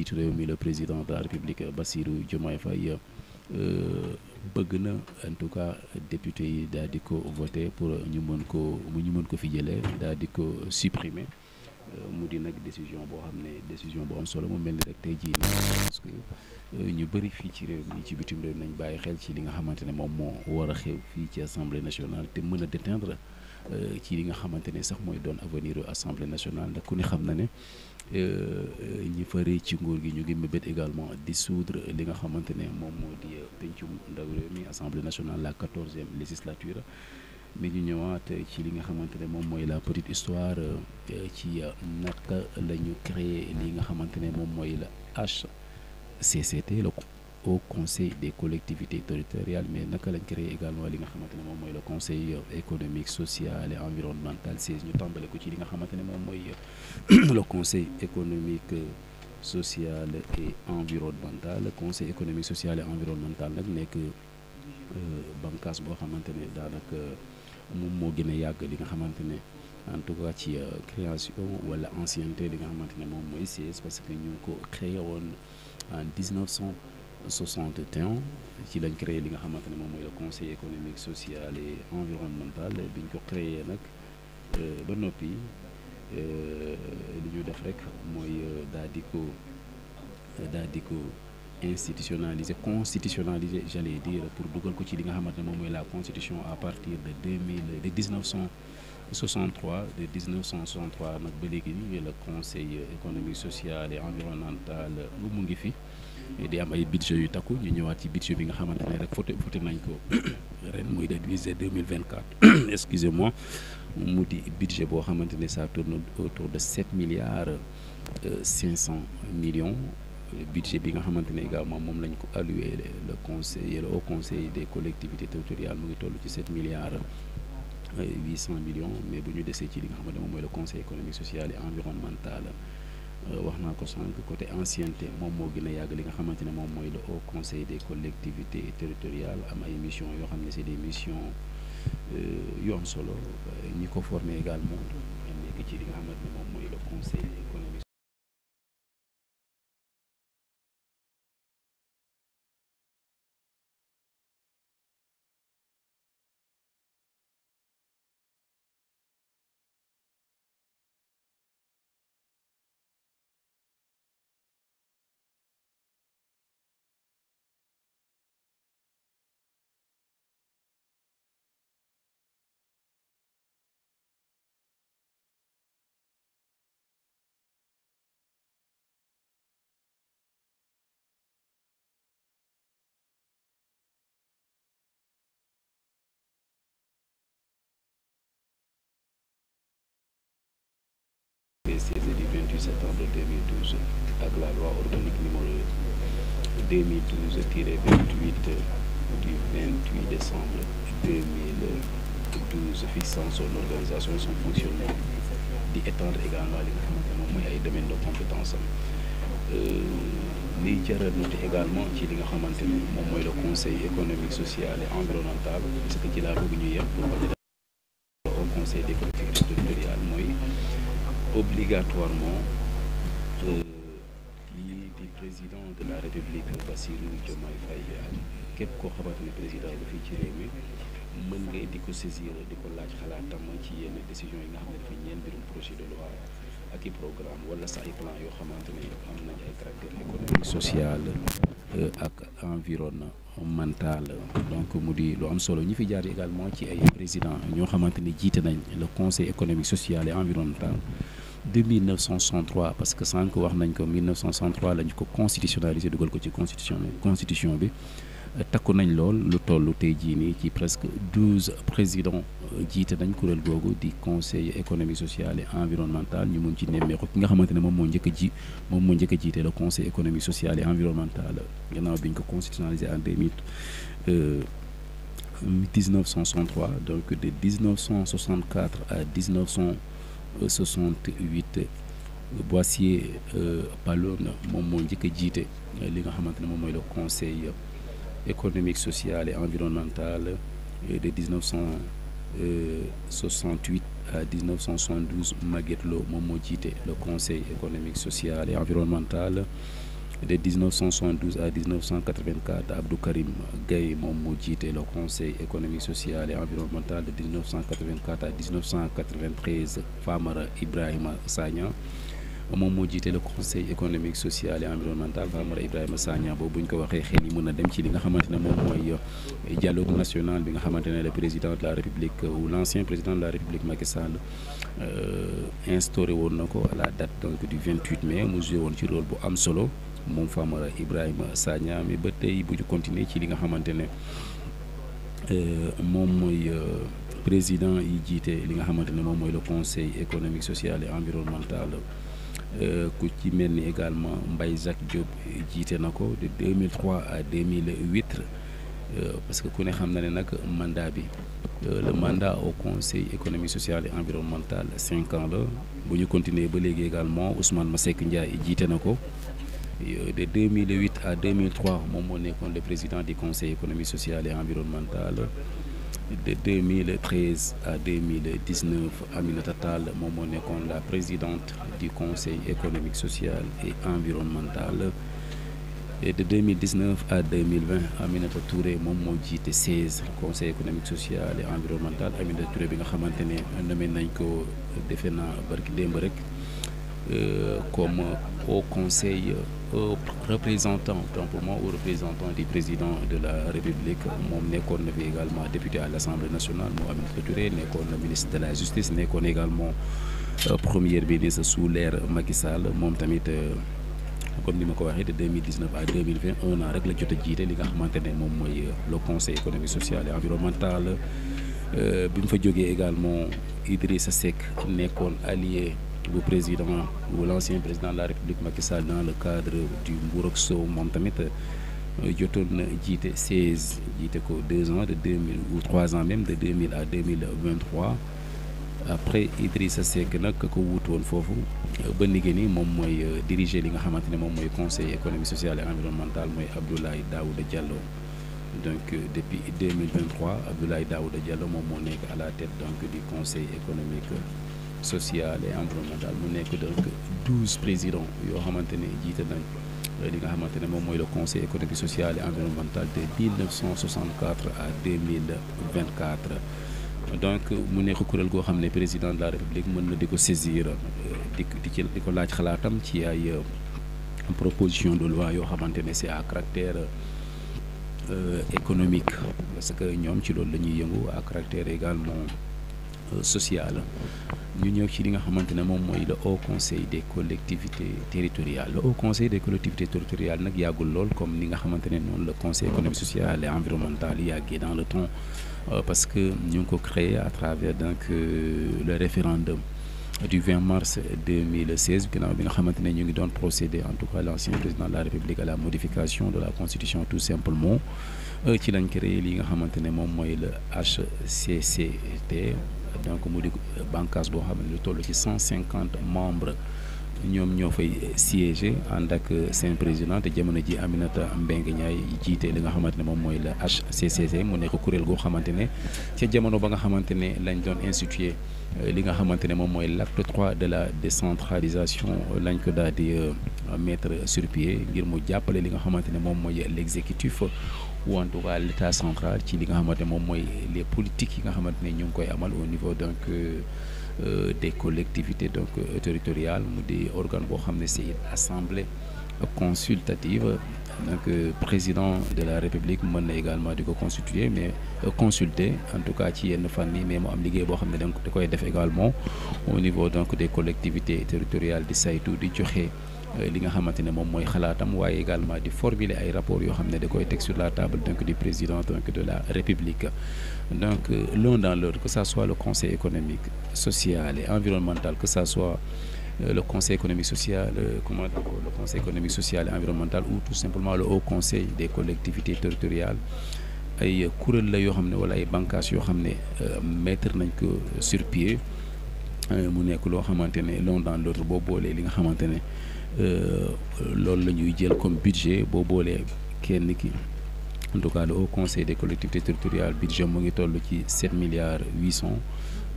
njiitu réew mi le président de la république Bassirou Diomaye Faye euh, bëgg na en tout cas député yi daal di ko voté pour ñu mën ko ñu mën ko fi jëlee daal di ko supprimer euh, mu di nag décision boo xam ne décision bu am solo mu mel ni rek tey jii parce que euh, ñu bëri fii ci réew mi ci bitim réew nañ bàyyi xel ci li nga xamante ne moom moo war a xew fii ci assemblée nationale te mën a déteindre ci li nga xamante ne sax mooy doon avenir assemblée nationale ndax ku ne xam na ne ñi fa rëy ci nguur gi ñu ngi mébét également dissoudre li nga xamante ne moom moo di pencum ndaw réew mi assemblée nationale la quatorzième législature mi ñu ñëwaat ci li nga xamante ne moom mooy la petite histoire ci naka la ñu créé li nga xamante ne moom mooy la HCCT la ko au conseil des collectivités territoriales mais naka lañ créé également li nga xamante ne moom mooy le conseil économique social et environnemental CESE ñu tàmbale ko ci li nga xamante ne moom mooy le conseil économique social et environnemental le conseil économique social et environnemental nag nekk euh, bànqaas boo xamante ne daanaka euh, moom moo gën a yàgg li nga xamante ne en tout cas ci euh, création wala ancienneté li nga xamante ne moom mooy parce que ñu ngi ko créé woon en 1900 1971 ci lañ créé li nga xamante ne moom mooy le conseil économique social et environnemental bi ñu ko créé nag euh, ba noppi euh, li ñu def rek mooy euh, daal di ko daal di ko institutionnalisé constitutionnalisé j'allais dire pour dugal ko ci li nga xamante ne moom mooy la constitution à partir de 2000 de 1963 de 1963 nag ba léegi le conseil économique social et environnemental lu mu ngi fi. di am ay budget yu takku ñu ñëwaat ci budget bi nga xamante ne rek foté foté nañ ko ren muy de budget 2024 excusez-moi di budget boo xamante ne ça tourne autour de 7 milliards 500 euh, millions budget bi nga xamante ne également moom lañ ko alloué le conseil le o conseil des collectivités territoriales mu ngi toll ci 7 milliards 800 euh, millions mais bu ñu desee ci li nga xamante moom mooy conseil économique social et environnemental Euh, wax naa ko sànq côté ancienneté moom moo gën a yàgg li nga xamante ne moom mooy le haut conseil des collectivité territoriales am ay émission yoo xam ne se des missions euh, yu am solo ñi ko formé également nekk ci li nga xamante ne moom mooy le conseil septembre 2012 ak la loi organique numéro 2012 tiré 28 du 28 décembre 2012 fixant son organisation son fonctionnement di étendre également li nga xamante moom mooy ay domaine de compétence am euh, liy jar a également ci li nga xamante ni moom mooy le conseil économique social et environnemental parce que ci laa bëgg ñu yem pour au conseil obligatoirement euh, di président de la république Bassirou Diomaye Faye képp koo xamante ne président la fii ci réew mi mën nga di ko saisir di ko laaj xalaatam ci yenn décision yi nga xam ne dafa ñeen ak i wala sax yoo xamante ne am nañ ay caractère économique social euh, ak environnemental donc mu di lu am solo ñu fi jaar également ci ay président ñoo xamante ni jiite nañ le conseil économique social et environnemental de 1963 parce que sànq wax nañ ko 1963 lañ ko constitutionnalisé dugal ko ci constitution constitution bi euh, takku nañ lool lu toll tey jii nii ci presque douze présidents euh, jiite nañ kuréel googu di conseil économique social et environnemental ñu mun ci nemmeeku ki nga xamante ne moom moo njëkk a ji moom moo njëkk a jiite le conseil économique social et environnemental gannaaw bi ñu ko constitutionnalisé en 2000 euh, 1963 donc de 1964 à 1900. 68 euh, euh, Boissier euh, Palone moom moo njëkk a jiite li nga xamante ne moom mooy le conseil économique social et environnemental de 1968 à 1972 Maguette Lo moom moo jiite le conseil économique social et environnemental de 1972 à 1984 Abdou Karim Gueye moom moo jiite le conseil économique social et environnemental de 1984 à 1993 Ibrahima Sagna moom moo jiite le conseil économique social et environnemental Famara Ibrahima Sagna boobu bu ñu ko waxee xel yi mën a dem ci li nga xamante ne moom mooy dialogue national bi nga xamante ne président de la république ou l' ancien président de la république Macky Sall euh, woon na ko à la date donc du 28 mai mu joué woon ci rôle bu am solo. moom Famara Ibrahima Sagna mais ba tey bu ñu continuer ci li nga xamante ne euh, moom mooy euh, président yi jiite li nga xamante ne moom mooy le conseil économique social et environnemental euh, ku ci mel ni également Mbaye Jacques Diop jiite na ko de 2003 à 2008 parce que ku ne xam na ne nag mandat bi le mandat au conseil économie social et environnemental cinq ans la bu ñu continuer ba léegi également Ousmane Masseck Ndiaye jiite na ko. Euh, de 2008 à 2003 moom moo nekkoon le président du conseil économique social et environnemental de 2013 à 2019 Aminata Tall moom moo nekkoon la présidente du conseil économique social et environnemental et de 2019 à 2020 Aminata Touré moom moo jiite 16 conseil économique social et environnemental Aminata Touré bi nga xamante ne nommé nañ ko defe naa barki démb rek euh, comme au conseil. Euh, représentant donc pour moi au représentant du président de la République moom nekkoon na fi également député à l'Assemblée nationale moo Aminata Touré nekkoon na ministre de la justice nekkoon également euh, premier ministre sous l'ère Macky Sall moom tamit euh, comme ni ma ko waxee de 2019 à 2020 un an rek la jot a jiite li nga xamante ne moom mooy euh, le conseil économique social et environnemental euh, bi mu fa jógee également Idrissa Seck nekkoon allié bu président bu l'ancien président de la République Macky Sall dans le cadre du Mbour ak moom tamit euh, jotoon na jiite 16 jiite ko deux ans de 2000 ou trois ans même de 2000 à 2023 après Idrissa Seck nag ko wuutu foofu euh, ba liggéey ni moom mooy euh, diriger li nga xamante ne moom mooy conseil économique social et environnemental mooy Abdoulaye Daouda Diallo donc depuis 2023 Abdoulaye Daouda Diallo moom moo nekk à la tête donc du conseil économique sociale et environnementale mu nekk donc douze présidents yoo xamante ne jiite nañ euh, li nga xamante ne moom mooy le conseil économique social et environnemental de 1964 à 2024 donc mu nekk kuréel goo xam ne président de république mën na di ko saisir euh, di di ci di ko laaj xalaatam ci ay euh, proposition yoo xamante ne c'est à caractère économique parce que ñoom ci loolu la ñuy yëngu ak caractère également sociale ñu ñëw ci li nga xamante ne moom mooy le haut conseil des collectivités territoriales le haut conseil des collectivités territoriales nag yàggul lool comme ni nga xamante ne noonu le conseil économique social et environnemental yi yàggee dans le temps euh, parce que ñu ngi ko créé à travers donc euh, le référendum du 20 mars 2016 ginnaaw bi nga xamante ne ñu ngi doon procéder en tout cas l'ancien président de la République à de la constitution tout simplement euh, ci lañ créé nga xamante ne moom mooy le HCCT donc mu di bànqaas boo xam ne lu toll ci cent cinquante membre ñoom ñoo fay siégé ànd ak seen président te jamono ji Aminata Mbengue ñaay jiite li nga xamante ne moom mooy la HCCT mu nekk kuréel goo xamante ne ca jamono ba nga xamante ne lañ doon institué euh, li nga xamante ne moom mooy l'acte trois de la décentralisation euh, lañ ko daal di euh, mettre sur pied ngir mu jàppale li nga xamante ne moom mooy l'exécutif ou en tout cas l'état central ci li nga xamante moom mooy les politiques yi nga xamante ne ñu ngi koy amal au niveau donc de euh, des donc euh, territoriales mu di organe boo xam ne si une assemblée consultative donc euh, président de la république mën na également di ko constituer mais euh, en tout cas ci yenn fànn yi mais mu am liggéey boo xam ne da koy def également au niveau donc des collectivités territoriales di saytu di joxe. Euh, li nga xamante ne moom mooy xalaatam waaye également di formuler ay rapport yoo xam ne da koy teg sur la table donc du président donc de la république donc euh, l'un dans l'autre que ça soit le conseil économique social et environnemental que ça soit euh, le conseil économique social comment le conseil social et environnemental simplement le haut conseil des collectivités territoriales ay kuréel la yoo xam ne wala ay bànqaas yoo xam ne mettre nañ ko sur pied mu nekk loo xamante ne l'un dans l'autre boo boolee li nga xamante ne Euh, loolu la ñuy jël comme budget boo boolee kenn ki en tout cas le conseil des collectivités territoriales budget mu ngi tollu ci 7 milliards 800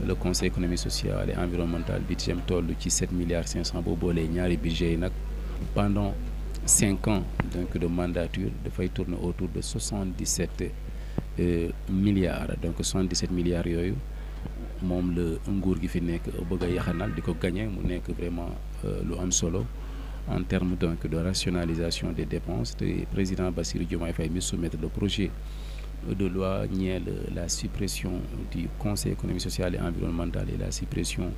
le conseil économique social et environnemental budget mu toll ci 7 milliards 500 boo boolee ñaari budget yi nag pendant cinq ans donc de mandature dafay tourner autour de 77 euh, milliards donc 77 milliards yooyu moom la nguur gi fi nekk bëgg a yaxanal di ko gagné mu nekk vraiment euh, lu am solo en terme donc de rationalisation des dépenses te président Bassirou Diomaye Faye mi soumettre le projet de loi ñeel la suppression du conseil économique social et environnemental et la suppression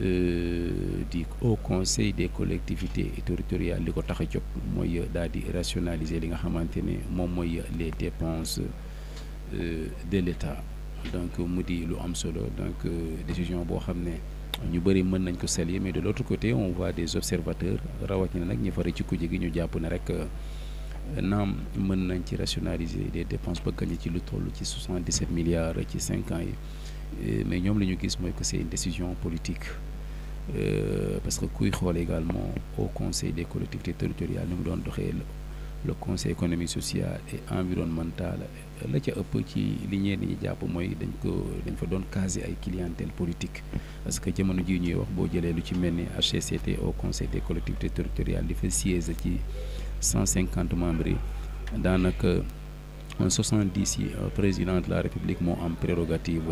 euh, du haut conseil des collectivités territoriales li ko tax a jóg mooy daal di rationaliser li nga xamante ne moom mooy les dépenses euh, de l'État donc mu di lu am solo donc euh, décision boo xam ne ñu bëri mën nañ ko sel mais de l' autre côté on voit des observateurs rawatina nag ñi fari ci ku gi ñu jàpp na rek euh, naam mën nañ ci rationaliser des dépense ba gagné ci lu toll ci dix 77 milliards ci 5 ans yi euh, mais ñoom la ñu gis mooy que c' une décision politique euh, parce que kuy xool également au conseil des collectivités territoriales ni mu doon doxee le conseil économique social et environnemental la ca ëpp ci li ñeen ñi jàpp mooy dañ ko dañ fa doon quasi ay clientèle politique parce que jamono ji ñuy wax boo jëlee lu ci mel ni HCCT au conseil des collectivités territoriales di fa siège ci cent cinquante membres yi daanaka soixante dix yi euh, président de la république moo am prérogative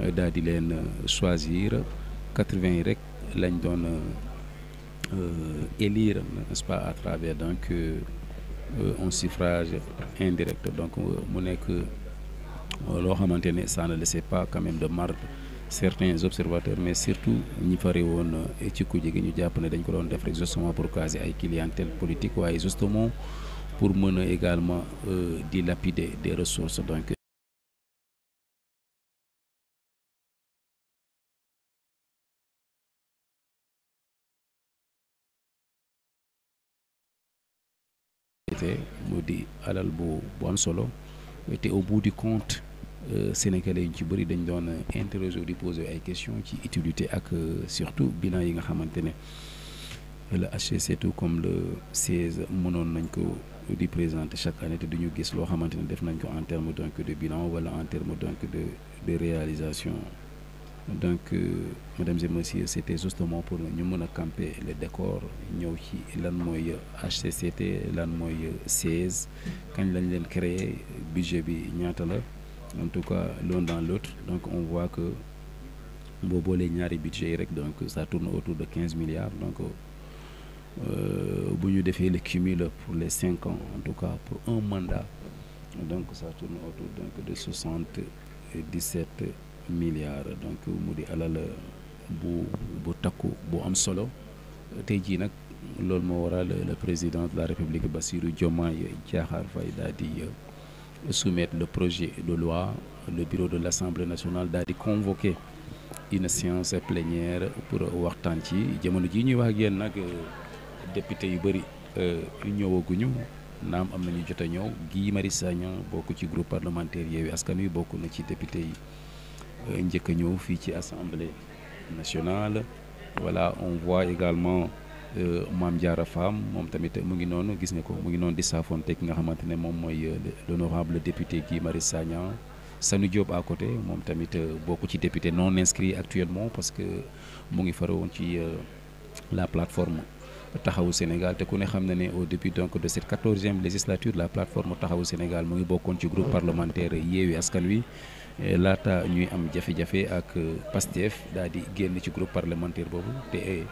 euh, daal di leen euh, choisir quatre vingt yi rek lañ doon élire nest pas à travers donc Euh, un suffrage indirect donc euh, mu nekk euh, loo xamante ne ça ne laissait pas quand même de marbre certains observateurs mais surtout ñu fare woon ci kuje gi ñu jàpp ne dañ ko doon def rek justement pour caser ay clientèle politique waaye justement pour mën a également dilapider des ressources donc alal bu bu solo te au bout du compte euh, sénégalais yu ci bëri dañ doon interroger di poser ay questions ci utilité ak euh, surtout bilan yi nga xamante ne le HCCT comme le CESE mënoon nañ ko di présenter chaque année te ñu gis loo xamante ne def nañ ko en terme donc de bilan wala en terme donc de réalisation donc euh, mesdames et messieurs c' était justement pour ñu mën a camper le décor ñëw ci lan mooy HCCT lan mooy kañ lañ leen créer budget bi ñaata la en tout cas l'un dans l' donc on voit que boo boolee ñaari budget yi rek donc ça tourne autour de quinze milliards donc euh, bu ñu defee le cumul pour les cinq ans en tout cas pour un mandat donc ça tourne autour donc de soixante dix sept milliards donc mu di alal bu bu takku bu am solo tey jii nag loolu moo waral le président de la république Bassirou Diomaye Diakhar Faye daal di soumettre le projet de loi le bureau de l'Assemblée nationale daal di convoquer une séance plénière pour waxtaan ci jamono jii ñuy wax ak yéen nag député yu bëri euh, ñëwaguñu naam am nañu jot a ñëw Guy Marius Sagna bokk ci groupe parlementaire Yewwi Askan yi bokk na ci député yi. Euh, njëkk a ñëw fii ci assemblée nationale voilà on voit également euh, Mame Diarra Fam moom tamit mu ngi noonu gis nga ko mu ngi noonu di saafonte ki nga xamante ne moom mooy euh, l'honorable député Guy Marius Sagna Sanu Diop à côté moom tamit bokk ci député non inscrit actuellement parce que mu ngi faroon ci la plateforme taxawu Sénégal te ku ne xam na ne au début donc de cette quatorzième législature la plateforme taxawu Sénégal mu ngi bokkoon ci groupe parlementaire Yewwi Askan Wi laata ñuy am jafe-jafe ak euh, Pastef daal di génn ci groupe parlementaire boobu te euh,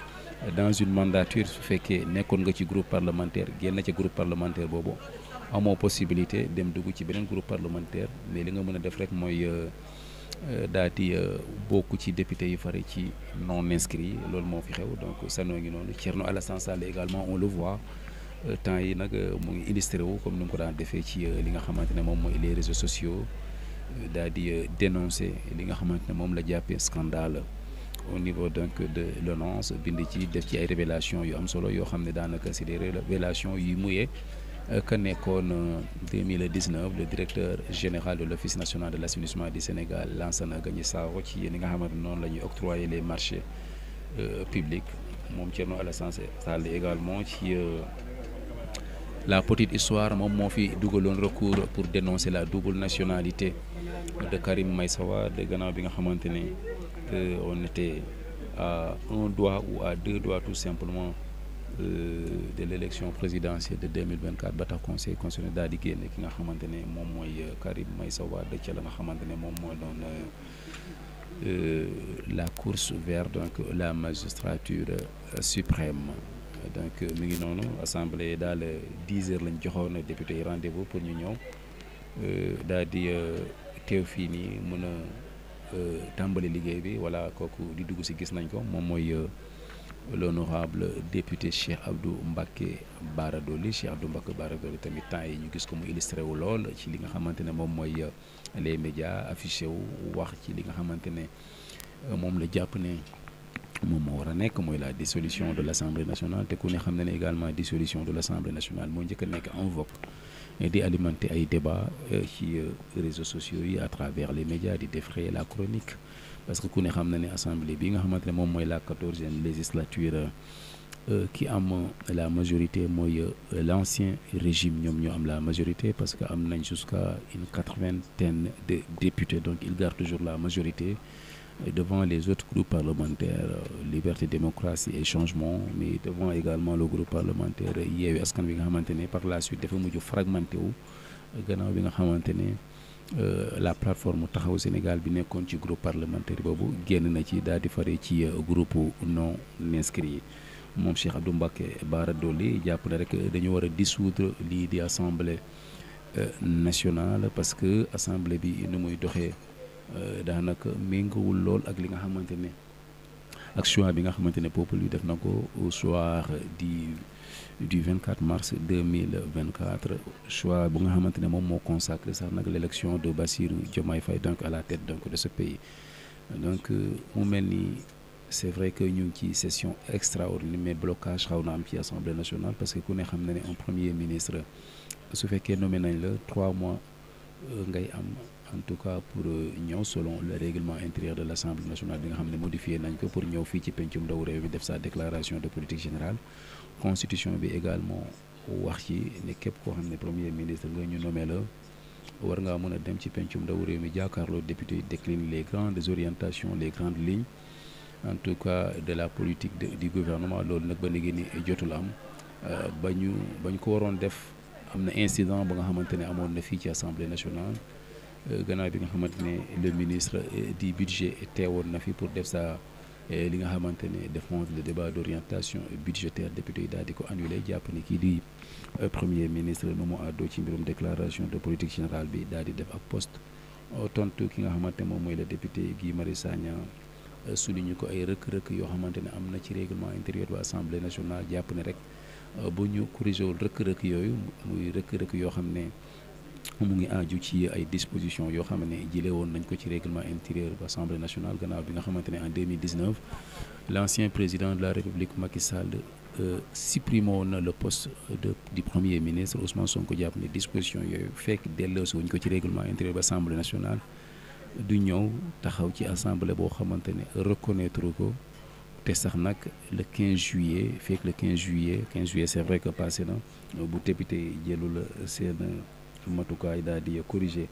dans une mandature su fekkee nekkoon nga ci groupe parlementaire génn ci groupe parlementaire boobu amoo possibilité dem dugg ci beneen groupe parlementaire mais li nga mën a def rek mooy euh, daal di bokk ci député yu fare ci non inscrits loolu moo fi xew donc sa noo ngi noonu Thierno Alassane Sall également on le voit temps yi nag mu ngi illustré wu comme ni mu ko daan defee ci li nga xamante ne moom mooy les réseaux sociaux daal di euh, dénoncer li nga xamante ne moom la jàppee scandale au niveau donc de l'ONAS bind ci def ci ay révélation yu am solo yoo xam ne daanaka c'est des révélations yu muyee ka nekkoon 2019 euh, le directeur général de l'office national de l'assainissement du Sénégal na Gagny Sakho ci li nga xamante noonu la ñuy octroyer les marchés euh, publics moom Thierno Alassane Sall également ci la petite histoire moom moo fi dugaloon recours pour dénoncer la double nationalité de Karim Maïsawa de gannaaw bi nga xamante ne on était à un doigt ou à deux doigts tout simplement euh, de l'élection présidentielle de 2024 ba tax conseil constitutionnel daal di génne ki nga xamante ne moom mooy euh, Karim Maïsawa de ca la nga xamante ne moom moo doon euh, euh, la course vers donc la magistrature suprême donc mi ngi noonu assemblée daal dix heures lañ joxoon député yi rendez-vous pour ñu ñëw daal di teew fii nii mën a euh, tàmbali liggéey bi voilà kooku di dugg si gis nañ ko moom mooy euh, l'honorable député Cheikh Abdou Mbacké Bara Dolly Cheikh Abdou Mbacké Bara Dolly tamit temps yi ñu gis ko mu illustré wu lool ci li nga xamante ne moom mooy euh, les médias affiché wu wax ci li nga xamante ne moom la jàpp ne moom moo war a nekk mooy la dissolution de l'Assemblée nationale te ku ne xam ne ne également dissolution de l'Assemblée nationale moo njëkk nekk en mais di alimenter ay débat euh, ci euh, réseaux sociaux yi à travers les médias di def créer la chronique parce que ku ne xam na ne assemblée bi nga xamante ne moom mooy la quatorzième législature euh, ki am la majorité mooy l'ancien régime ñoom ñoo am la majorité parce que am nañ jusqu'à une quatre-vingtaine de députés donc il garde toujours la majorité devant les autres groupes parlementaires euh, Liberté Démocratie et Changement mais devant également le groupe parlementaire Yewwi Askan bi nga xamante ne par la suite dafa mujj fragmenté wu gannaaw bi nga xamante ne euh, la plateforme Taxawu Sénégal bi nekkoon ci groupe parlementaire boobu génn na ci daal di fare ci euh, groupe non inscrit yi moom Cheikh Abdou Mbacké Bara Dolly jàpp na rek dañu war a dissoudre lii di assemblée nationale parce que assemblée bi nu muy doxee Euh, daanaka méngoowul lool ak li nga xamante ne ak choix bi nga xamante ne peuple bi def na ko au di du du 24 mars 2024 choix bu nga xamante ne moom moo consacré sax nag l' élection de Bassirou Diomaye Faye donc à la tête donc de ce pays donc euh, mu mel ni c' est vrai que ñu ngi ci session extraordinaire mais blocage xaw na am ci assemblée nationale parce que ku ne xam na ni un premier ministre su fekkee nommé nañ la trois mois euh, ngay am. en tout cas pour euh, ñëw solon le règlement intérieur de l'Assemblée nationale bi nga xam ne modifié nañ ko pour ñëw fii ci pencum ndaw réew mi def sa déclaration de politique générale constitution bi également wax ci ne képp koo xam ne premier ministre nga ñu nommé la war ngaa mën a dem ci pencum ndaw réew mi jàkkaarloo député décline les grandes orientations les grandes lignes en tout cas de la politique de, du gouvernement loolu nag ba léegi ni jotul am euh, ba ñu ba ko waroon def am na incident ba nga xamante ne amoon na fii ci assemblée nationale Euh, gannaaw bi nga xamante ne le ministre euh, du budget teewoon na fi pour def sa euh, li nga xamante ne défendre le débat d'orientation budgétaire député yi daal di ko annulé jàpp ni kii di premier ministre nu mu àddoo ci mbirum déclaration de politique générale bi daal di def ab poste tontu ki nga xamante ne moom mooy le député Guy Marius Sagna souligne ko ay rëkk-rëkk yoo xamante ne am na ci réglement intérieur bu assemblée nationale jàpp ne rek bu ñu corrigé wul rëkk-rëkk yooyu muy yoo xam ne. mu ngi aaju ci ay dispositions yoo xam ne jëlee woon nañ ko ci réglement intérieur bu assemblée nationale gannaaw bi nga xamante ne en 2019 l' ancien président de la république Macky Sall euh, supprimé woon na le poste de du premier ministre Ousmane Sonko jàpp ne disposition yooyu fekk delloosi wuñ ko ci règlement intérieur bu assemblée nationale du ñëw taxaw ci assemblée boo xamante ne reconnaître ko te sax nag le 15 juillet fekk le 15 juillet 15 juillet c' est vrai que passé na bu député jëlul seen. matukaay daal di corriger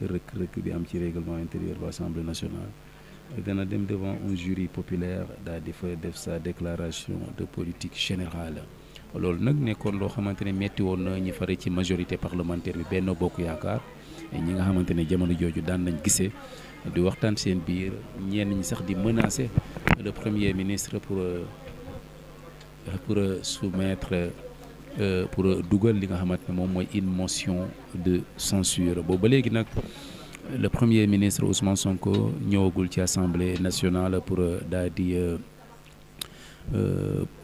rëkk-rëkk bi am ci règlement intérieur bu assemblée nationale dana dem devant un jury populaire daal di fa def sa déclaration de politique générale loolu nag nekkoon loo xamante ne metti woon na ñi fare ci majorité parlementaire bi benn Bokk Yaakaar ñi nga xamante ne jamono jooju daan nañ gisee di waxtaan seen biir ñenn ñi sax di menacer le premier ministre pour euh, pour euh, soumettre Euh, pour dugal li nga xamante ne moom mooy une motion de censure boobu ba léegi nag le premier ministre Ousmane Sonko ñëwagul ci assemblée nationale pour euh, daal di euh,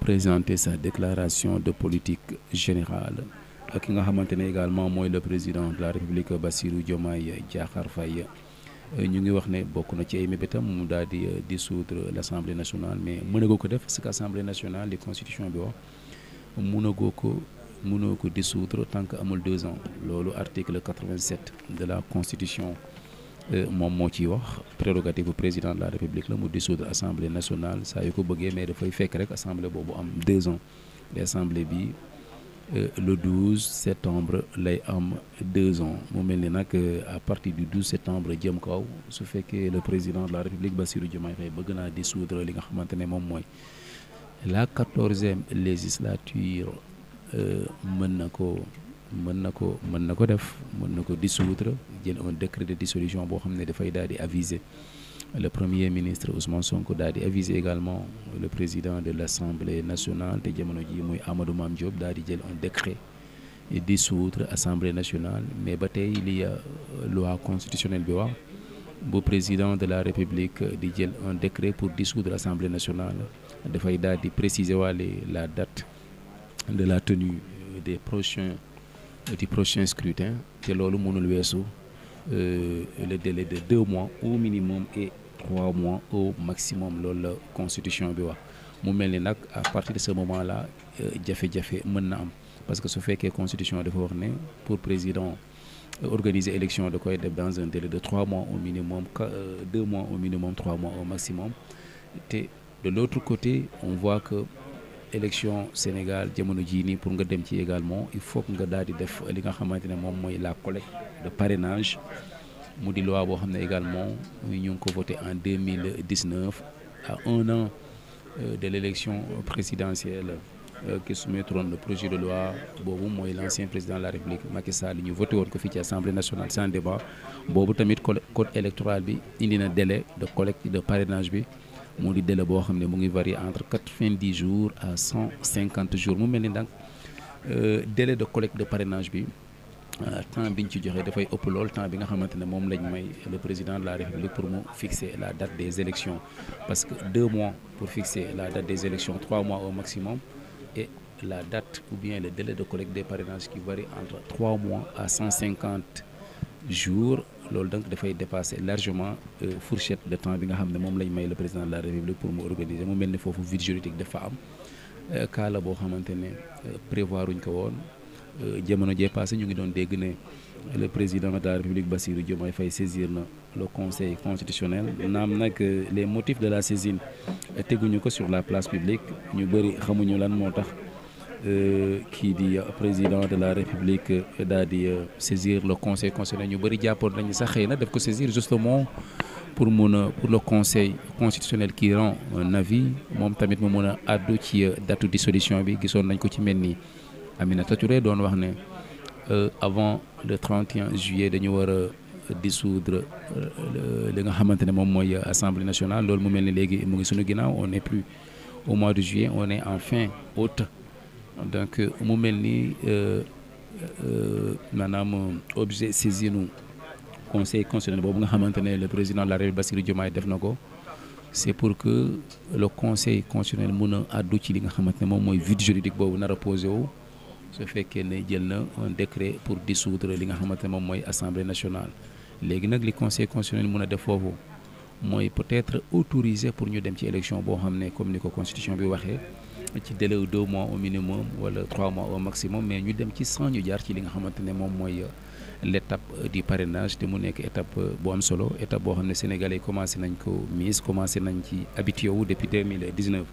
présenter sa déclaration de politique générale ki nga xamante ne également mooy le président de la république Bassirou Diomaye Diakhar Faye ñu ngi wax ne bokk na ci ay mébétam mu daal di dissoudre l' assemblée nationale mais mën na ko ko def parce que assemblée nationale li constitution bi wax. mënagoo ko mënoo ko dissoudre tant que amul deux ans loolu article 87 de la constitution euh, moom moo ciy wax prérogative bu président de la république la mu dissoudre assemblée nationale saa yu ko bëggee mais dafay fekk rek assemblée boobu am deux ans l'assemblée bi euh, le 12 septembre lay am deux ans mu mel ni nag euh, à partir du 12 septembre jëm kaw su fekkee le président de la république Bassirou Diomaye Faye bëgg naa dissoudre li nga xamante ne moom mooy la quatorzième législature euh, mën na ko mën na ko mën na ko def mën na ko dissoudre jël un décret de dissolution boo xam ne dafay daal di aviser le premier ministre Ousmane Sonko daal di aviser également le président de l'Assemblée nationale te jamono ji muy Amadou Mame Diop daal di jël un décret dissoudre Assemblée nationale mais ba tey li euh, loi constitutionnelle bi wax bu président de la République di jël un décret pour dissoudre Assemblée nationale dafay daal di préciser waale la date de la tenue euh, des prochains du prochain scrutin te loolu mënul weesu euh, le délai de deux mois au minimum et trois mois au maximum loolu la constitution bi wax mu mel ni nag à partir de ce moment là euh, jafe-jafe mën na am parce que su fekkee constitution dafa wax ne pour président organiser élection da koy def dans un délai de trois mois au minimum deux mois au minimum trois mois au maximum te de l'autre côté on voit que élection Sénégal jamono jii nii pour nga dem ci également il faut que nga daal di def li nga xamante ne moom mooy la collecte de parrainage mu di loi boo xam ne également ñu ngi ko voté en 2019 à un an euh, de l'élection présidentielle euh, qui soumettront le projet de loi boobu mooy l'ancien président de la République Macky Sall ñu voté woon ko fii ci Assemblée nationale sans débat boobu tamit code électoral bi indi na délai de collecte de parrainage bi moo di délai boo xam ne mu ngi varier entre quatre-vingt-dix jours à cent cinquante jours mu mel ni nag euh, délai de collecte de parrainage bi euh, temps bi ñu ci joxe dafay ëpp lool temps bi nga xamante ne moom lañ may le président de la république pour mu fixer la date des élections parce que deux mois pour fixer la date des élections trois mois au maximum et la date ou bien le délai de collecte des parrainages qui varie entre trois mois à cent cinquante jours loolu donc dafay dépasser largement euh, fourchette de temps bi nga xam ne moom lañ may le président de la république pour mu organiser mu mel ni foofu vide juridique dafa am euh, cas la boo xamante ne euh, prévoir uñ ko woon jamono jee passé ñu ngi doon dégg ne le président de la république Bassirou Diomaye Faye saisir na le conseil constitutionnel naam nag les motifs de la saisine teguñu ko sur la place publique ñu bëri xamuñu lan moo tax. Euh, kii di euh, président de la république euh, daa di saisir le conseil constitutionnel ñu bëri jàppoon nañu sax xëy na daf ko saisir justement pour mun a pour le conseil constitutionnel qui rend un moom tamit mu mun a addu ci datu solution bi gisoon nañ ko ci mel ni Aminata Touré doon wax ne avant le 31 juillet dañu war a dissoudre li nga xamante ne moom mooy assemblée nationale loolu mu mel ni léegi mu ngi suñu ginnaaw on n'est plus au mois de juillet on est en fin août. donc euh, mu mel ni euh, euh, maanaam objet saisinu conseil constitutionnel boobu nga xamante ne le président de la République Bassirou Diomaye def na ko c'est pour que le conseil constitutionnel mun a àddu ci li nga xamante ne moom mooy vide juridique boobu nar a posé wu su fekkee ne jël na un décret pour dissoudre li nga xamante ne moom mooy assemblée nationale léegi nag li conseil constitutionnel mën a def foofu mooy peut-être autorisé pour ñu dem ci élection boo xam ne comme ni ko constitution bi waxee ci délai wu deux mois au minimum wala trois mois au maximum mais ñu dem ci sans ñu jaar ci li nga xamante ne moom mooy euh, l' di euh, du te mu nekk étape euh, bu am solo étape boo xam ne sénégalais commencé nañ ko mise commencé nañ ci habitué wu depuis 2019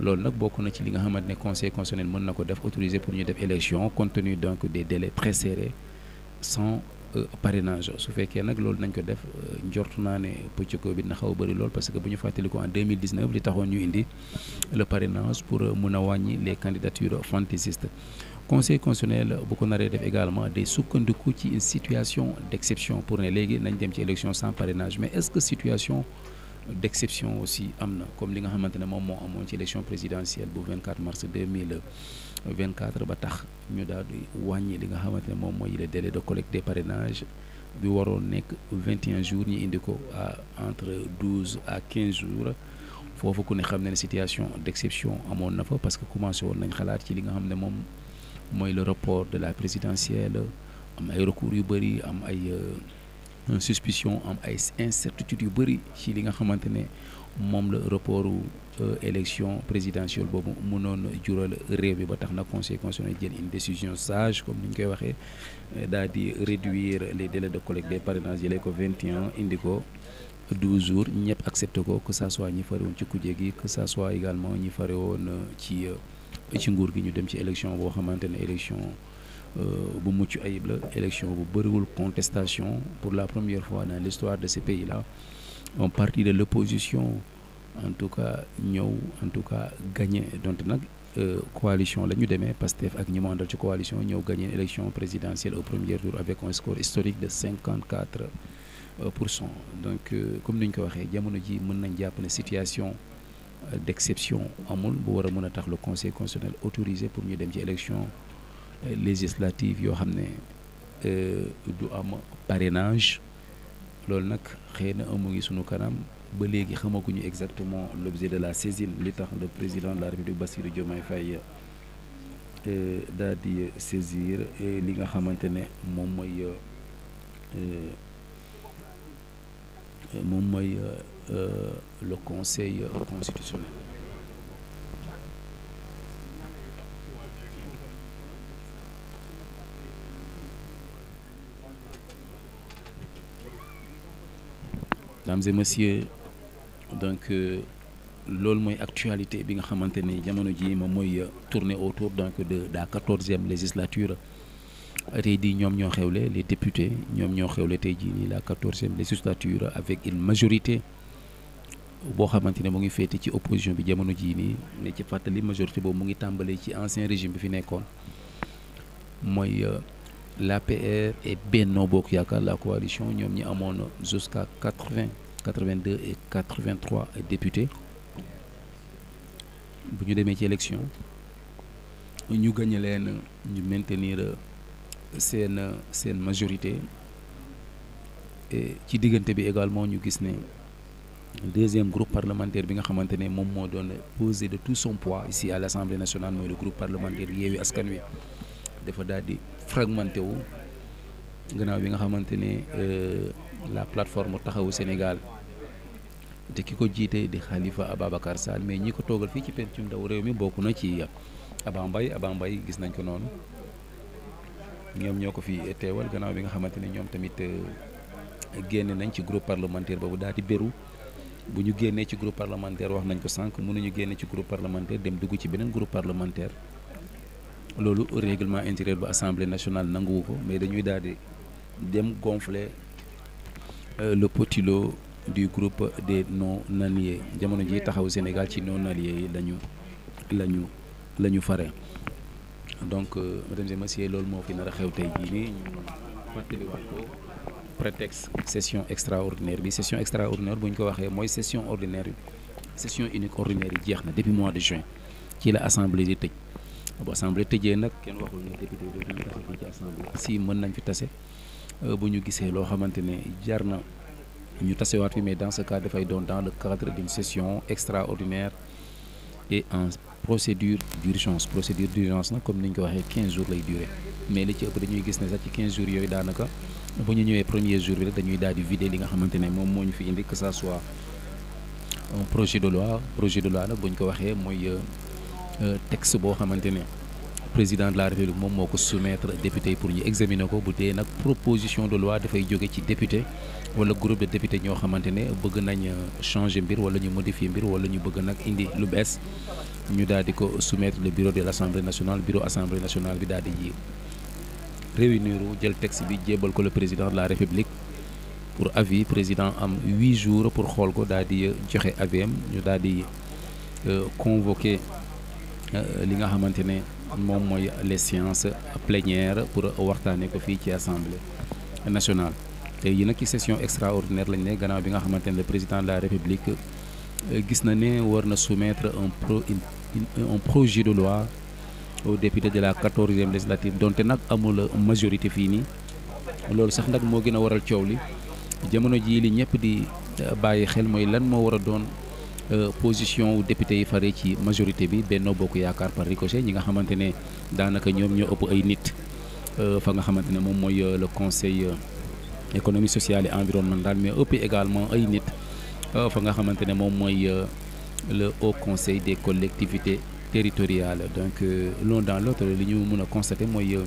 loolu nag bokk na ci li nga xamante ne conseil constitutionnel mën na ko def autorisé pour ñu def élection compte tenu donc des délais très serrés Euh, parrainage su fekkee nag loolu nañ ko def euh, njort naa ne pëccëkoo bi na xaw a lool parce que bu ñu fàttaliku en 2019 li taxoon ñu indi le parrainage pour euh, mën a wàññi les candidatures fantaisistes conseil constitutionnel bu ko naree def également day sukkandiku ci une situation d' exception pour ne léegi nañ dem ci élection sans parrainage mais est ce que situation d'exception aussi am na comme li nga xamante ne moom moo amoon ci élection présidentielle bu 24 mars 2024 ba tax ñu daal di wàññi li nga xamante ne moom mooy le délai de collecte des parrainages bi waroon nekk 21 jours ñu indi ko à entre 12 à 15 jours foofu ku ne xam ne ne situation d'exception amoon na fa parce que commencé woon nañ xalaat ci li nga xam ne moom mooy le report de la présidentielle am ay recours yu bëri am ay euh, Euh, suspicion am ay incertitudes yu bëri ci li nga xamante ne moom la rapportu euh, élection présidentielle boobu mënoon jural réew bi ba tax na conseil constitutionnel jël une décision sage comme ni ñu koy waxee euh, daal di réduire les délais de collecte des parrainages jëlee ko 21 indi ko 12 jours ñëpp accepté ko que ça soit ñi fare woon ci kujje gi que ça soit également ñi fare woon ci ci nguur gi ñu dem ci élection boo xamante ne élection. Euh, bu mucc ayib la élection bu bëriwul contestation pour la première fois dans l'histoire de ce pays la un parti de l'opposition en tout cas ñëw en tout cas gagné donc nag euh, coalition la ñu demee Pastef ak ñi mu àndal ci coalition ñëw gagné élection présidentielle au premier tour avec un score historique de euh, pour cent donc comme ni ñu koy waxee jamono ji mën nañ jàpp ne situation d'exception amul bu war a mën a tax le conseil constitutionnel autorisé pour ñu dem ci élection législative yoo xam ne euh, du am parrainage loolu nag xëy na amu ngi sunu kanam ba léegi xamaguñu exactement l'objet de la saisine li tax de président de la république Bassirou Diomaye Faye euh, daal di saisir euh, li nga xamante ne moom mooy mooy le conseil constitutionnel mesdames et messieurs donc euh, loolu mooy actualité bi nga xamante ni jamono ji moom mooy euh, tourner autour donc de la quatorzième législature tey di ñoom ñoo xewle les député ñoom ñoo xewle tey jii nii la quatorzième législature avec une majorité boo xamante ne mu ngi féete ci opposition bi jamono jii nii ne ci fàttali majorité boobu mu ngi tàmbalee ci ancien régime bi fi nekkoon mooy euh, l'APR et Benno Bokk Yaakaar la coalition ñoom ñi amoon jusqu'à 80 82 et 83 députés bu ñu demee ci élection ñu gagné leen ñu maintenir seen seen majorité et ci diggante bi également ñu gis ne deuxième groupe parlementaire bi nga xamante ne moom moo doon poser de tout son poids ici à l'Assemblée nationale mooy le groupe parlementaire Yewwi Askan Wi dafa daal di fragmenté wu gannaaw bi nga xamante ne euh, la plateforme taxawu Sénégal te ki ko jiite di Khalifa Ababacar Sall mais ñi ko toogal fii ci pencum ndaw réew mi bokk na ci Aba Mbaye Aba Mbaye gis nañ ko noonu ñoom ñoo ko fi teewal gannaaw bi nga xamante ne ñoom tamit euh, génn nañ ci groupe parlementaire boobu daal di béru bu ñu génnee ci groupe parlementaire wax nañ ko sànq mënuñu génne ci groupe parlementaire dem dugg ci beneen groupe parlementaire. loolu règlement intérieur bu assemblée nationale nanguwu ko mais dañuy daal di dem gonfler euh, le potilo du groupe des non alliés jamono ji taxaw Sénégal ci non alliés yi lañu lañu la ñu fare donc euh, mesdames et messieurs loolu moo fi nar a xew tey jii nii ñu fàttaliwaat ko prétexte session extraordinaire bi session extraordinaire bu ñu ko waxee mooy session ordinaire session unique ordinaire yi jeex na depuis mois de juin ci la assemblée di tëj bu assemblée tëjee nag kenn waxul ne député dootuñu tase euh, bu ñu gisee loo xamante ne jar na ñu tasewaat fi mais dans ce cas dafay doon dans le cadre d'une session extraordinaire et en procédure d'urgence procédure d'urgence nag comme ni ñu ko waxee 15 jours lay durer mais li ci ëpp dañuy gis ne sax ci 15 jours yooyu daanaka bu ñu ñëwee premier jour bi rek dañuy daal di vider moom moo ñu fi indi que ça soit un projet de loi ko waxee mooy euh, Euh, texte boo xamante ne président de la république moom moo ko soumettre député pour ñu examiner ko bu dee nag proposition de loi dafay jóge ci député wala groupe de député ñoo xamante ne bëgg nañ euh, changer mbir wala ñu modifier mbir wala ñu bëgg nag indi lu bees ñu daal di ko soumettre le bureau de l' assemblée nationale bureau assemblée nationale bi daal di ji réunir jël texte bi jébbal ko le président de la république pour avis président am huit jours pour xool ko daal di joxe avis ñu daal di euh, convoquer Euh, li nga xamante ne moom mooy les séances plénières pour waxtaanee ko fii ci assemblée nationale. te yi nag ci session extraordinaire lañ ne gannaaw bi nga xamante ne le président de la république euh, gis na ne war na soumettre un pro un projet de loi aux députés de la quatorzième législative donte nag amul majorité fii nii loolu sax nag moo gën a waral coow li jamono jii li ñëpp di euh, bàyyi xel mooy lan moo war a doon. Euh, position wu député yi fare ci majorité bi Benno Bokk Yaakaar par ricochet ñi nga xamante ne daanaka ñoom ñoo ëpp ay nit euh, fa nga xamante ne moom mooy euh, le conseil économie sociale et environnementale mais ëpp également ay nit fa nga xamante ne moom mooy le haut conseil des collectivités territoriales donc l'un dans l'autre li ñu mën a constater mooy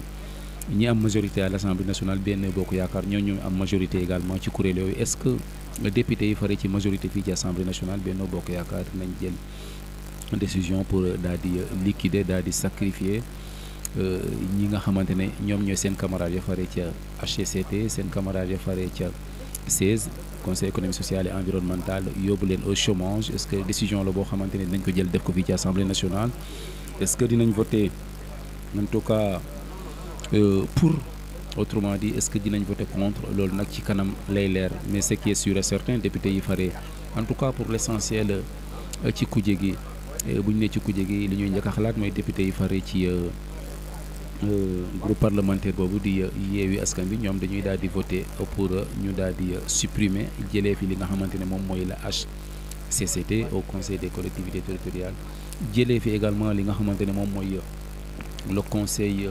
ñi am majorité à l'Assemblée nationale Benno Bokk Yaakaar ñoo ñu am majorité également ci kuréel yooyu est-ce que député yi fare ci majorité fii ci assemblée nationale Benno Bokk Yaakaar nañ jël décision pour euh, daal di euh, liquider daal di sacrifier euh, ñi nga xamante ne ñoom ñooy seen camarade ya fare ca HCCT seen camarade ya fare ca 16 conseil économique social et environnemental yóbbu leen au chômage est-ce que décision la boo xamante ne dinañ ko jël def ko fii ci assemblée nationale est-ce que dinañ voter en tout pour autrement dit est-ce que dinañ voter contre loolu nag ci kanam lay leer mais ce qui est sûr et certain député yi fare en tout cas pour l'essentiel euh, ci kuje gi euh, bu ñu ne ci kuje gi li ñuy njëkk xalaat mooy député yi fare ci euh, groupe parlementaire boobu di yeewi askan bi ñoom dañuy daal di voter pour ñu daal di supprimer jëlee fi li nga xamante ne moom mooy la HCCT au conseil des collectivités territoriales jëlee fi également li nga xamante ne moom mooy le conseil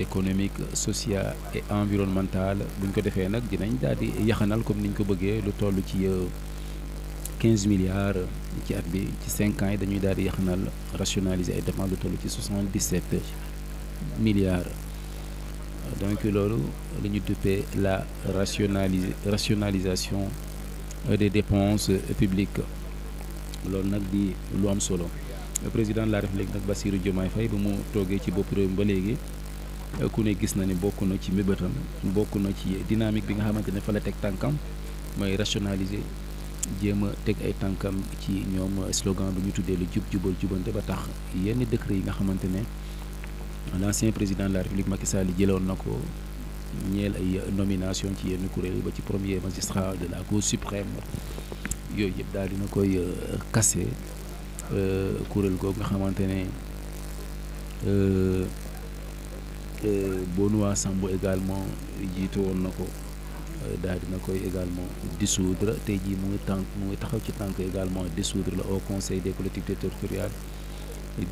économique sociale et environnementale bu ko defee nag dinañ daal di yaxanal comme ni ko bëggee lu tollu ci 15 euh, milliards ci at bi ci cinq ans yi dañuy daal di yaxanal rationaliser ay dépenses lu toll ci 77 milliards donc loolu la ñu la rationalise rationalisation euh, des dépenses publiques loolu nag di lu am solo président de la république nag Bassirou Diomaye Faye ba mu toogee ci bopp réew mi ba léegi. ku ne gis na ni bokk na ci mbébétam bokk na ci dynamique bi nga xamante ne fa la teg tànkam mooy rationaliser jéem a teg ay tànkam ci ñoom slogan bi ñu tuddee lu jub jubal jubante ba tax yenn décret yi nga xamante ne l'ancien président de la république Macky Sall jëloon na ko ñeel ay nomination ci yenn kuréel ba ci premier magistrat de la cour suprême yooyu yëpp daal dina koy kase euh, euh, kuréel googu nga xamante ne. Euh, waa euh, Sambou également jiite woon na ko euh, daal dina koy également dissoudre tey jii mu ngi tànk mu ngi taxaw ci tànk également dissoudre la au conseil des collectivités territoriales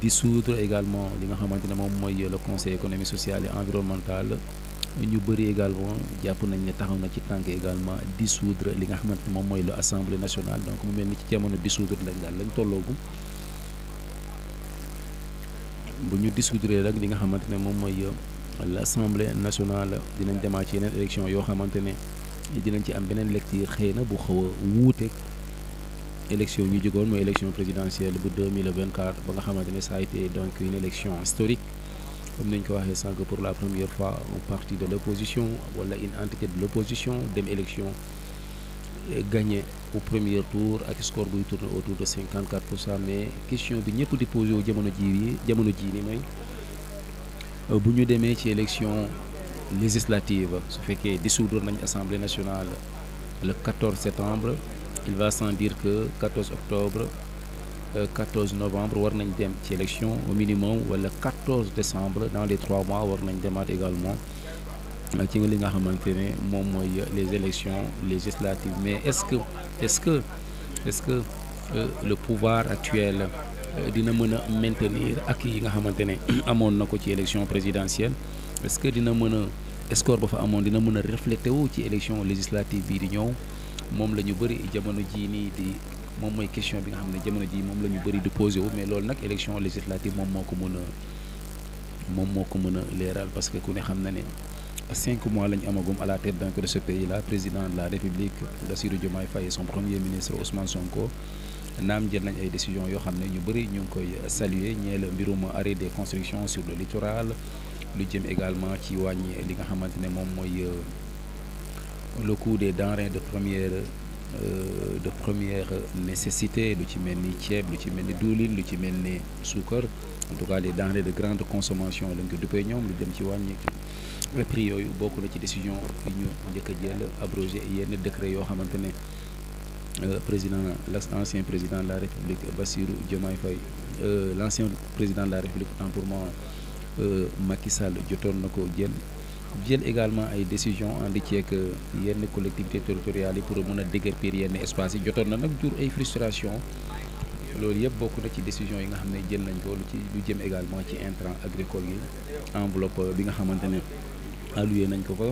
dissoudre également li nga xamante ne moom mooy le conseil économique social et environnemental ñu bëri également jàpp nañ ne taxaw na ci tànk également dissoudre li nga xamante moom mooy le assemblée nationale donc mu mel ni ci jamono dissoudre lañ daal lañ tolloogu bu ñu dissoudre rek li nga xamante ne moom mooy l'Assemblée nationale dinañ demaat ci yeneen élection yoo xamante ne dinañ ci am beneen lecture xëy na bu xaw a wuuteeg élection ñu jógoon mooy élection présidentielle bu 2024 ba nga xamante ne ça a été donc une élection historique comme nañ ko waxee sànq pour la première fois un parti de l'opposition wala une entité de l'opposition dem élection gagné au premier tour ak score buy tourné autour de 54 pour cent mais question bi ñëpp di wu jamono jii jamono jii nii may Euh, bu ñu demee ci élection législative su fekkee dissoudre nañ assemblée nationale le 14 septembre il va sans dire que 14 octobre 14 euh, novembre war nañ dem ci élection au minimum wala 14 décembre dans les trois mois war nañ demaat également euh, ci nga li nga xamante ne moom mooy les élections législatives mais est-ce que est-ce que est-ce que euh, le pouvoir actuel dina mën a maintenir ak yi nga xamante ne amoon na ko ci élection présidentielle est que dina mën a score ba fa amoon dina mën a refléter wu ci élection législative bii di ñëw moom la ñu bëri jamono jii nii di moom mooy question bi nga xam ne jamono jii moom la ñu bëri di wu mais loolu nag élection législative moom moo ko mën a moom moo ko mën a leeral parce que ku ne xam na ne cinq mois la ñu amagum à la tête donc de ce pays là président de la république Bassirou Diomaye Faye son premier naam jël nañ ay décisions yoo xam ne ñu bëri ñu ngi koy saluer ñeel mbirum arrêt des constructions sur le littoral lu jëm également ci wàññi li nga xamante ne moom mooy euh, le coût des denrées de première euh, de première nécessité lu ci mel ni ceeb lu ci mel ni diwlin lu ci mel ni suukar en tout cas les denrées de grande consommation lañ ko duppee ñoom lu dem ci wàññi prix yooyu bokk na ci décision yi ñu njëkk jël abrogé yenn décret yoo xamante Euh, président l'ancien président de la République Bassirou Diomaye Faye euh, l'ancien président de la République autant pour ma euh, Macky Sall jotoon na ko jël jël également ay décisions en li yenn collectivités territoriales yi pour mën a déguerpir yenn espace yi jotoon na nag jur ay frustration loolu yëpp bokk na ci décision yi nga xam ne jël nañ ko lu ci lu jëm également ci intrants agricoles yi enveloppe bi nga xamante ne alloué nañ ko ko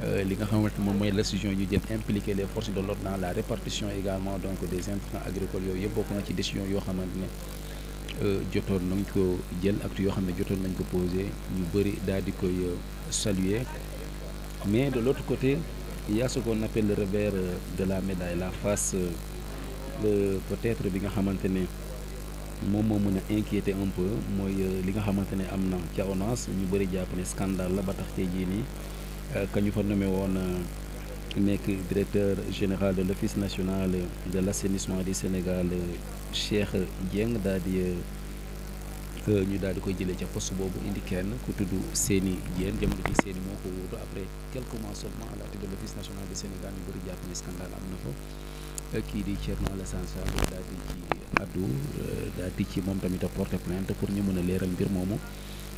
Euh, li nga xamante moom mooy décision yu jëm impliquer les forces de l'ordre dans la répartition également donc des intrants agricoles yooyu yëpp bokk na ci décision yoo xamante ne euh, jotoon nañ ko jël acte yoo xam ne jotoon nañ ko posé ñu bëri daal di koy euh, saluer mais de l'autre côté il su ko ce qu'on appelle de la médaille la face le peut-être bi nga xamante ne moom moo mën a inquiéter un peu mooy li nga xamante ne am na ca ONAS ñu bëri jàpp ne scandale la ba tax tey nii Euh, que ñu fa nommé woon euh, nekk directeur général de l' office national de l' assainissement du Sénégal Cheikh Dieng daal di euh, ñu daal di koy jëlee ca poste boobu indi kenn ku tudd Séni Dieng jamono ji Séni moo ko wóotu après quelques mois seulement à la tête de l' office national du Sénégal ñu bëri jàpp ne am na fa kii di Thierno Alassane Sall daal di ci addu daal di ci moom tamit a porté plainte pour ñu mën a leeral mbir moomu.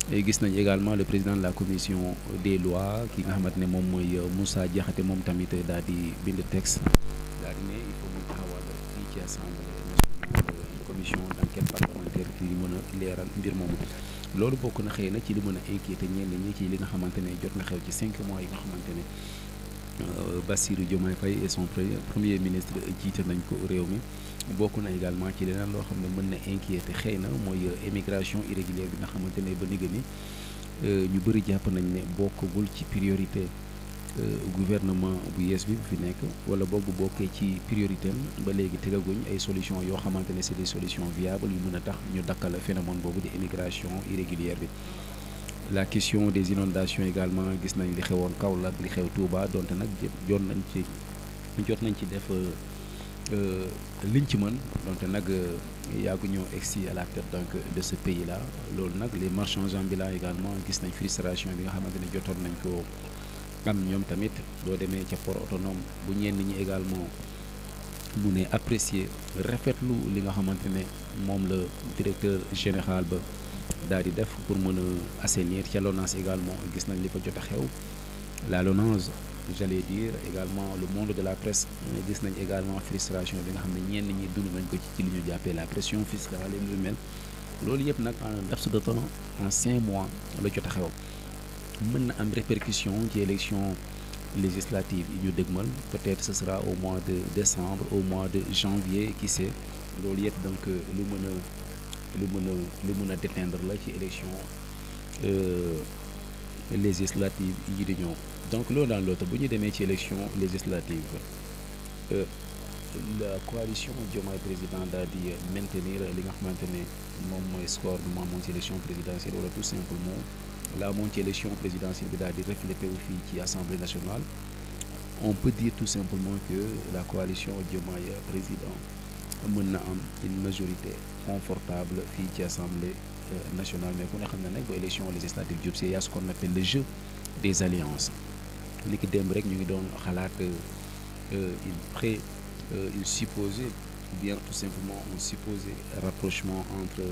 gis nañ également le président de la commission des lois ki nga xamante ne moom mooy euh, musa Diakhaté moom tamit daal di bind texte daal di ne il faut mu taxawal fii ci assemblée nationale euh, commission d' enquête parlementaire ki mën a leeral mbir moom loolu bokk na xëy na ci li mën a inquiété ñenn ñi ci li nga xamante ne jot na xew ci cinq mois yi nga xamante ne euh, Bassirou Diomaye Faye et son premier ministre jiite nañ ko réew mi bokk na également ci leneen loo xam ne mën na inquiété xëy na mooy euh, émigration irrégulière bi nga xamante ne ba nigga ni euh, ñu bëri jàpp nañ ne bokkagul ci priorité euh, gouvernement bu yees bi bu fi nekk wala bokk bu bokkee ci priorité ba léegi tegaguñ ay solution yoo xamante ne c'est des solutions viables yu mën a tax ñu dakkal phénomène boobu di émigration irrégulière bi la question des inondations également gis nañ li xewoon Kaolack li xew Touba donte nag jot nañ ci jot nañ ci def liñ ci mën donte nag euh, yàggu ñoo egsi à la tête donc de ce pays là loolu nag les marchands ambulants également gis nañ frustration bi nga xamante ne jotoon nañ ko am ñoom tamit boo demee ca port autonome bu ñenn ñi également mu ne apprécier rafetlu li nga xamante ne moom la directeur général ba daal di def pour mën a assainir ca LONASE également gis nañ li fa jot a xew la LONASE j'allais dire également le monde de la presse gis nañ également frustration bi nga xam ne ñenn ñi dund nañ ko ci ci li ñu jàppee la pression fiscale et lu mel loolu yëpp nag en laps de temps en cinq mois la jot a xew mën na am répercussion ci élection législative yi ñu dégmal peut-être ce sera au mois de décembre au mois de janvier qui sait loolu yëpp donc lu mën a lu mën a lu mën a déteindre la ci élection euh, législative yi di ñëw donc l'un dans l'autre bu ñu demee ci élection législative euh, la coalition Diomaye président daal di maintenir li nga xamante ne moom mooy score bi mu amoon ci élection présidentielle wala tout simplement la amoon ci élection présidentielle bi daal di reflété wu fii ci assemblée nationale on peut dire tout simplement que la coalition Diomaye président mën na am une majorité confortable fii ci assemblée euh, nationale mais ku ne xam ne nag ba élection législative jub see y a ce qu'on appelle le li ki démb rek ñu ngi doon xalaat euh, euh, il pré euh, il supposé ou bien tout simplement on supposé rapprochement entre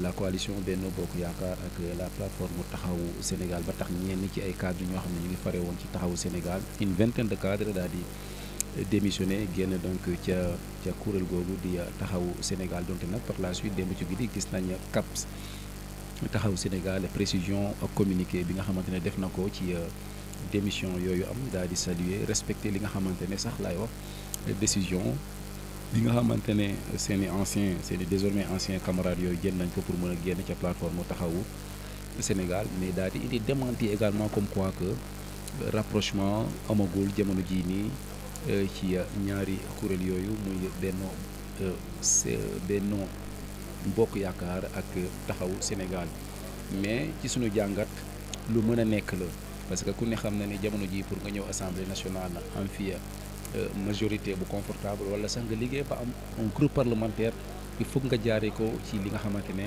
la coalition Benno Bokk Yaakaar ak la plateforme taxaw Sénégal ba tax ñenn ci ay cadres ñoo xam ne ñu ngi fare woon ci taxaw Sénégal une vingtaine de cadres daal di démissionné génn donc ca ca kuréel googu di taxaw Sénégal donte nag par la suite démb ci guddi gis nañ CAPS taxawu Sénégal précision communiqué bi nga xamante ne def na ko ci. démission yooyu am daal di saluer respecter li nga xamante ne sax laay wax décision li nga xamante ne seen i anciens seen i désormais anciens camarades yooyu jël nañ ko pour mën a génn ca plateforme taxawu Sénégal mais daal di indi démenti également comme quoi que rapprochement amagul jamono jii nii euh, ci ñaari kuréel yooyu muy Benno euh, Benno Bokk Yaakaar ak taxawu Sénégal mais ci suñu jàngat lu mën a nekk la. parce que ku ne xam na ni jamono ji pour nga ñëw assemblée nationale am fi euh, majorité bu confortable wala sax nga liggéey ba am un groupe parlementaire il foog nga jaaree ko ci li nga xamante ne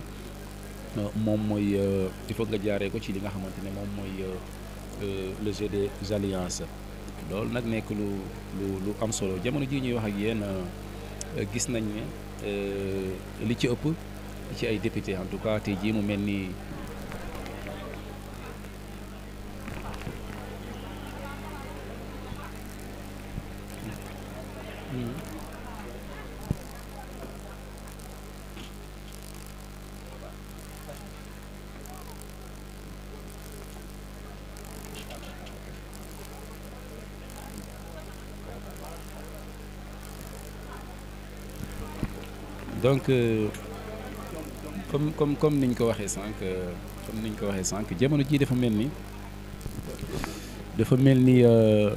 euh, moom mooy euh, il faut nga jaaree ko ci li nga xamante ne moom mooy le jeu des alliances loolu nag nekk lu lu am solo jamono jii ñuy wax ak yéen gis nañ ne li ci ëpp ci ay député en tout cas tey jii mu mel nii donc euh, comme comme comme ñu ko waxee sànq comme ko waxee sànq jamono jii dafa mel ni dafa mel ni euh,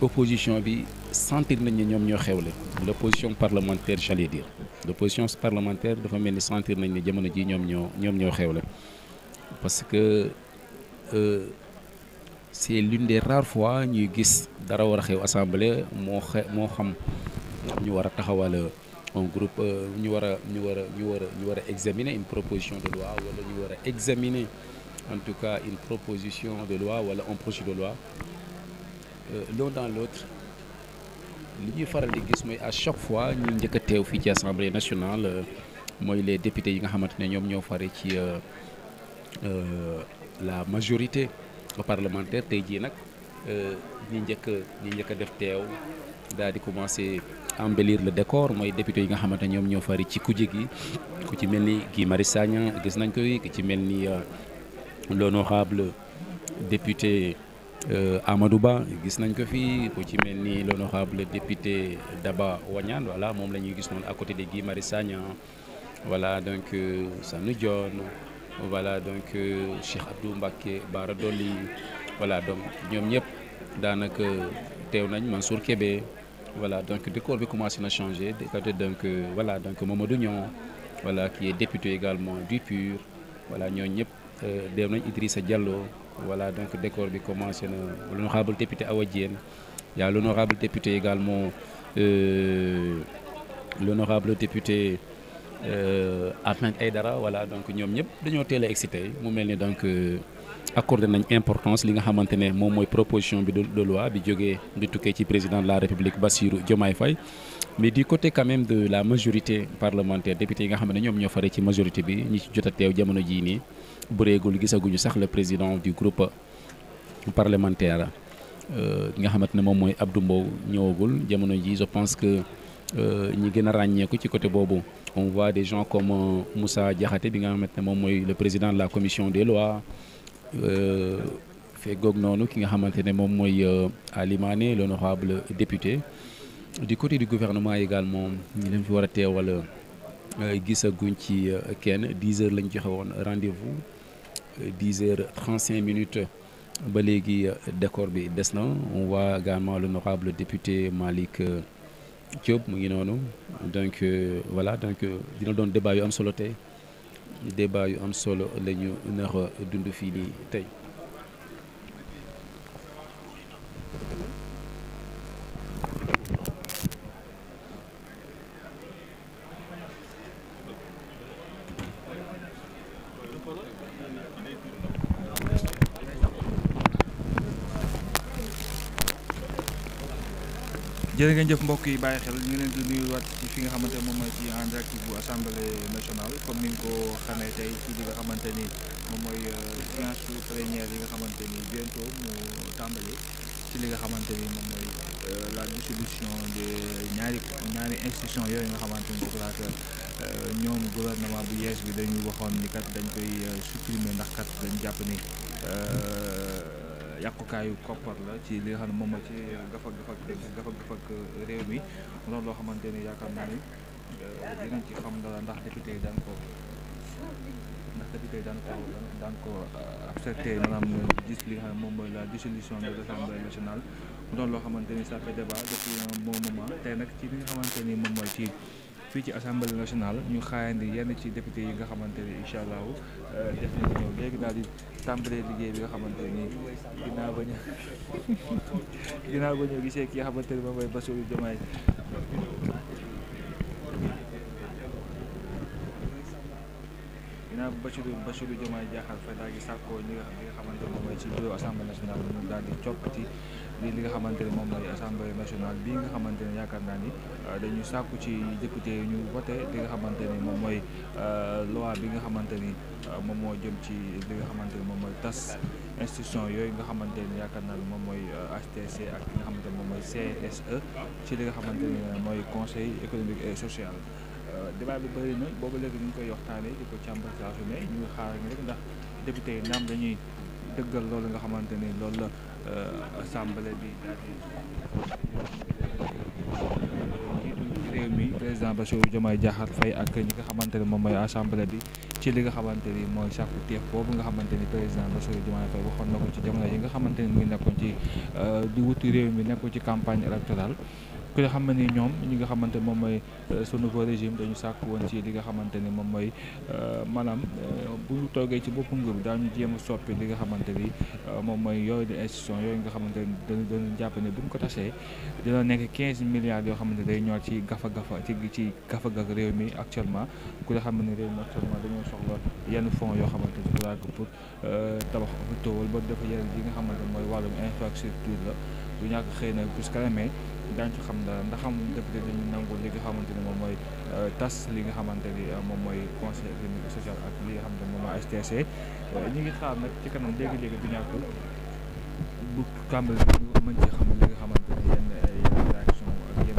opposition bi sentir nañ ne ñoom ñoo xewle l' opposition parlementaire j'allais dire l' opposition parlementaire dafa mel ni sentir nañ ne jamono jii ñoom ñoo ñoom ñoo xewle parce que euh, c' est l'une des fois ñuy gis dara war a xew assemblée moo xe moo xam ñu war a taxawal. un groupe euh, ñu war a ñu war a ñu war a ñu war a examiner une proposition de loi wala ñu war a examiner en tout cas une proposition de loi wala un projet de loi euh, l'un dans l'autre li ñuy faral di gis mooy à chaque fois ñu njëkk a teew fii ci assemblée nationale euh, mooy les députés yi nga xamante ne ñoom ñoo fare ci la majorité parlementaire tey jii nag ñi njëkk ñi njëkk a def teew daal di commencer embellir la décor mooy député yi nga xamante ñoom ñoo fari ci kuje gi ku ci mel ni Guy Marius Sagna gis nañ ko ku ci mel ni euh, l'honorable député euh, Amadou Ba gis nañ ko fi ku ci mel ni l'honorable député Daba Wañaan voilà moom la ñuy gis noonu à côté de Guy Marius Sagna voilà donc euh, Sanu Dione voilà donc Cheikh Abdou Mbacké Bara Dolly voilà donc ñoom ñëpp daanaka teew nañ Mansour Kébé voilà donc décor bi commencé na changer donc euh, voilà donc Mamadou Niang voilà qui est député également du PUR voilà ñoo ñëpp euh, dem nañ Idrissa Diallo voilà donc décor bi commencé na l'honorable député Awa Diène y a l'honorable député également euh, l'honorable député euh, Ahmed dara wala donc ñoom ñëpp dañoo teel a excité mu mel ni donc. accordé nañ importance li nga xamante ne moom mooy proposition bi de loi bi jógee di tukkee ci président de la république Bassirou Diomaye Faye mais du côté quand même de la majorité parlementaire député yi nga xam ne ñoom ñoo fare ci majorité bi ñu ci jot a teew jamono jii nii bëreegul gisaguñu sax le président du groupe parlementaire li euh, nga xamante ne moom mooy Abdou mboow ñëwagul jamono ji je pense que euh, ñi gën a ràññeeku ci côté boobu on voit des gens comme euh, Moussa Diakhaté bi nga xamante ne moom mooy le président la commission des lois Euh, feggoog noonu ki nga xamante ne moom mooy euh, Ali Mané l'honorable député du côté du gouvernement également ñi leen fi war a teewal euh, gisaguñ ci kenn dix heures lañ joxe woon rendez-vous 10 heures 35 minutes ba léegi décor bi des na on voit également l'honorable député Malick Diop mu ngi noonu donc voilà donc dina doon débat yu am solo tey débat yu am solo lañu ñu nar a dund fii nii tey. jërë ngeen jëf mbokk yi bàyyi xel ñu leen di nuyuwaat ci fi nga xamante moom mooy ci en direct bu assemblée nationale comme ni nga ko xamee tey ci li nga xamante ni moom mooy euh, séance xamante ni bientôt mu tàmbali ci li nga xamante ni moom mooy euh, la distribution de ñaari ñaari institution yooyu nga xamante ni procurateur ñoom gouvernement bu yees bi dañu waxoon ni kat dañ koy euh, supprimer ndax kat dañ jàpp ni. yàqukaayu koppar la ci li nga xam moom moo ci gafak gafak gafak gafak réew bi mu doon loo xamante ni yaakaar naa ni euh, dinañ ci xam dara ndax député yi daan ko ndax député yi daan ko daan ko euh, accepté xam moom mooy la dissolution de l'Assemblée nationale mu doon loo xamante ni sa fait débat depuis un bon tey nag ci li nga xamante ni moom mooy ci fii ci assemblée nationale ñu xaayandi yenn ci député yi nga xamante ni incha allahu euh, def nañu ñëw léegi daal di tàmbalee liggéey bi nga xamante ni dinaa ba ñu ginnaaw ba ñu gisee ki nga xamante ni moom mooy Bassirou Diomaye Bassirou Bassirou Diomaye Diakhar Faye daal di sàkkoo ñi nga li nga xamante ne moom mooy ci bureau assemblée nationale bi li nga xamante ne moom mooy assemblée nationale bi nga xamante ne yaakaar naa ni euh, dañuy sàkku ci député yi ñu voté li nga xamante ni moom mooy euh, loi bi nga xamante ni euh, moom moo jëm ci li nga xamante ni moom mooy tas institution yooyu nga xamante ni yaakaar naa ni moom mooy HTC e ak li nga xamante ni moom mooy CSE ci li nga xamante mooy conseil économique et social débat bi bëri na boobu léegi ñu ngi koy waxtaanee di ko càmbar saa su ne ñu ngi xaar rek ndax député yi naam dañuy dëggal loolu nga xamante ni loolu la euh, assemblée bi daal di réew mi président Bassirou Diomaye Diakhar ak ñi nga xamante ne moom mooy assemblée bi ci li nga xamante ni mooy sàkku teef boobu nga xamante ni président Bassirou Diomaye Faye waxoon na ko ci jamono yi nga xamante ni mu nekkoon ci euh, di wuti réew mi nekkoon ci campagne électorale ku nga xam ne ni ñoom ñi nga xamante moom mooy ce euh, nouveau régime dañu sàkk woon ci li nga xamante ni moom mooy euh, maanaam euh, bu ñu toogee ci bopp nguur daañu jéem a soppi li nga xamante ni moom mooy yooyu di institution yooyu nga xamante ni dañu doon jàpp ne bu ñu ko tasee dina nekk 15 milliards yoo xamante day ñor ci gafa gafa ci ci gafa gafa réew mi actuellement ku nga xam ne ni réew mi actuellement dañoo soxla yenn fonds yoo xamante ni pour pour tabax hôpitaux wala ba dafa yenn li nga xamante mooy wàllum infrastructure la du ñàkk xëy na plus kanamee daañu ci xam ndax am député dañu nangu li nga xamante ni moom mooy euh, tas li nga xamante ni euh, moom mooy conseil économique social ak li nga xamante ni moom euh, ngi xaar nag ci kanam léegi-léegi du ñàkk bu tàmbali bi ñu xam li nga xamante ni yenn ay réaction ak yenn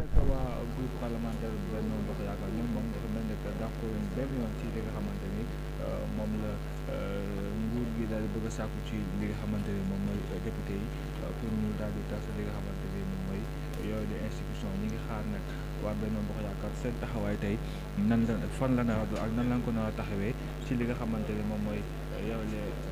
naka waa groupe parlementaire bi benn bokk yaakaar moom dafa mel ni que d'accord benn yoon ci nga xamante ni moom la ngi daal bëgg a sàkku ci li nga xamante ne moom mooy euh, député yi euh, pour mu daal di tas li nga xamante ne moom mooy euh, yooyu de institution ñi ngi xaar nag waa Benno Bokk Yaakaar seen taxawaay tey nan la fan la nar a ak nan la ko na a taxawee si li nga xamante ne moom mooy yooyu